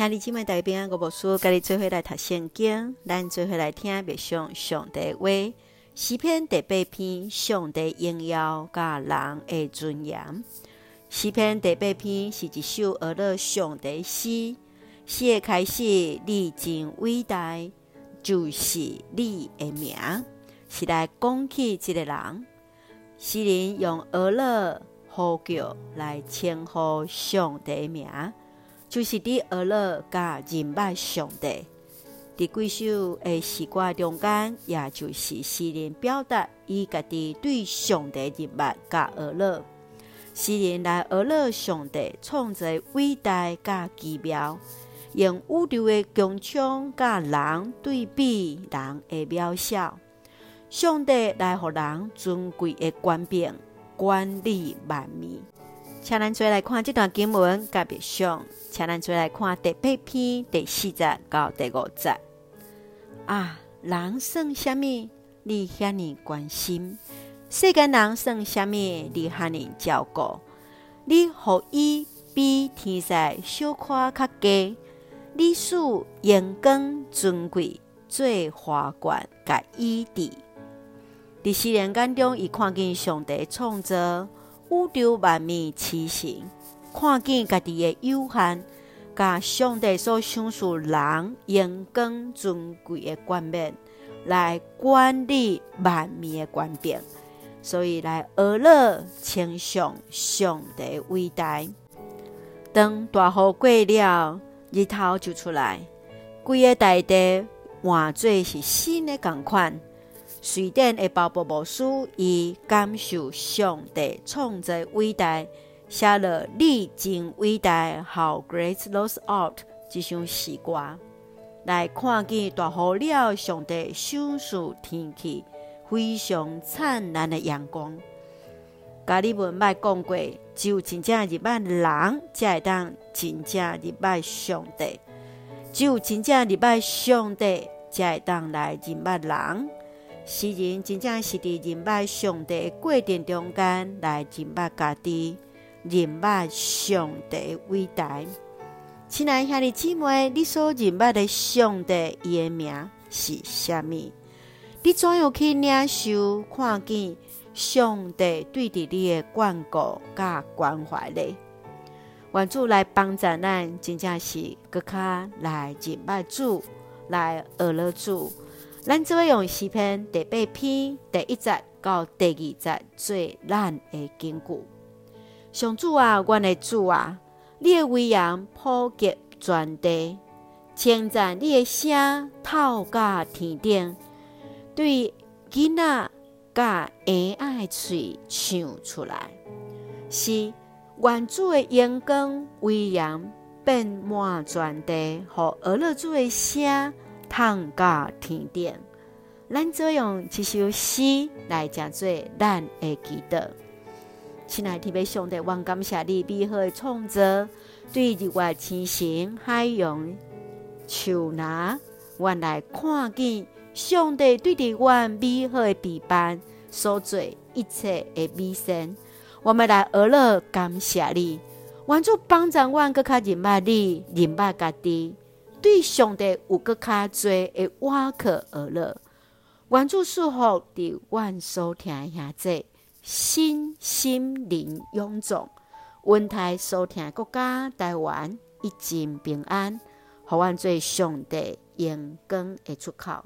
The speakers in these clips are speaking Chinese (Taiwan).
聽你今日只買代表個無書，家己做伙來讀聖經，咱做伙來聽別上上帝話。詩篇第八篇，上帝榮耀加人的尊嚴。詩篇第八篇是一首俄勒上帝詩。詩的開始，你真偉大，就是你的名，是來講起一個人。詩人用俄勒呼叫來稱呼上帝的名。就是的，兒樂甲人拜上帝幾的幾首的詩歌中間，也就是詩人表達伊家己對上帝人拜甲兒樂。詩人來兒樂上帝創造偉大甲奇妙，用宇宙的穹蒼甲人對比，人誒渺小。上帝來互人尊貴的冠冕，管理萬物。請咱再來看這段經文，特別上，請咱再來看第八篇第四節到第五節。啊，人算什麼？你赫呢關心？世間人算什麼？你赫呢照顧？你互伊比天使小可較低，你賜榮光尊貴，做花冠給伊戴。佇詩人眼中，伊看見上帝創造。宇宙萬物齊行，看見家己的有限，甲上帝所賞賜人榮光尊貴的冠冕，來管理萬物的權柄，所以來學樂稱頌上帝偉大。等大雨過了，日頭就出來，規個大地換做是新的共款。瑞典的鮑伯牧師，伊感受上帝創造偉大，寫了《汝真偉大 How Great Thou Art》一首詩歌，來看見大好了。上帝享受天氣，非常燦爛的陽光。加爾文捌講過，只有真正捌人才會當真正捌上帝，只有真，的真正捌上帝才會當來捌人。詩人真正是佇認識上帝的過程中間，來認識家己，認識上帝的偉大。親愛兄弟姊妹，你所認識的上帝伊的名是啥物？你怎樣去領受看見上帝對佇你的眷顧甲關懷呢？願主來幫助咱，真正是更較來認識主，來呵咾主。咱即位用詩篇第八篇第一節到第二節做咱的根據。上主啊，阮的主啊，你的威嚴普及全地，稱讚你的聲透甲天頂，對囡仔甲嬰愛喙唱出來，是阮主的陽光威嚴遍滿全地，互俄勒主的聲透到天頂，咱就用一首詩來講做咱的祈禱。親愛的天父，上帝，我感謝你美好的創造，對日月星辰、海洋、樹林，我來看見上帝對阮美好的陪伴，所做一切的美善，我們來呵咾感謝你。幫助幫助阮佫較認捌你，認捌家己。對上帝有閣較濟，會挖可而樂。願主賜福的阮所疼遐者，身心靈勇壯。恩待所疼的國家台灣，一切平安，互阮做上帝榮光的出口。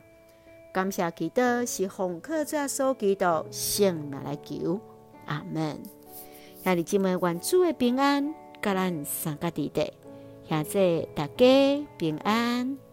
感謝祈禱是奉靠主耶穌基督的聖名，來求，阿門。遐恁即滿，願主的平安，甲咱逐家佇咧。現在大家平安。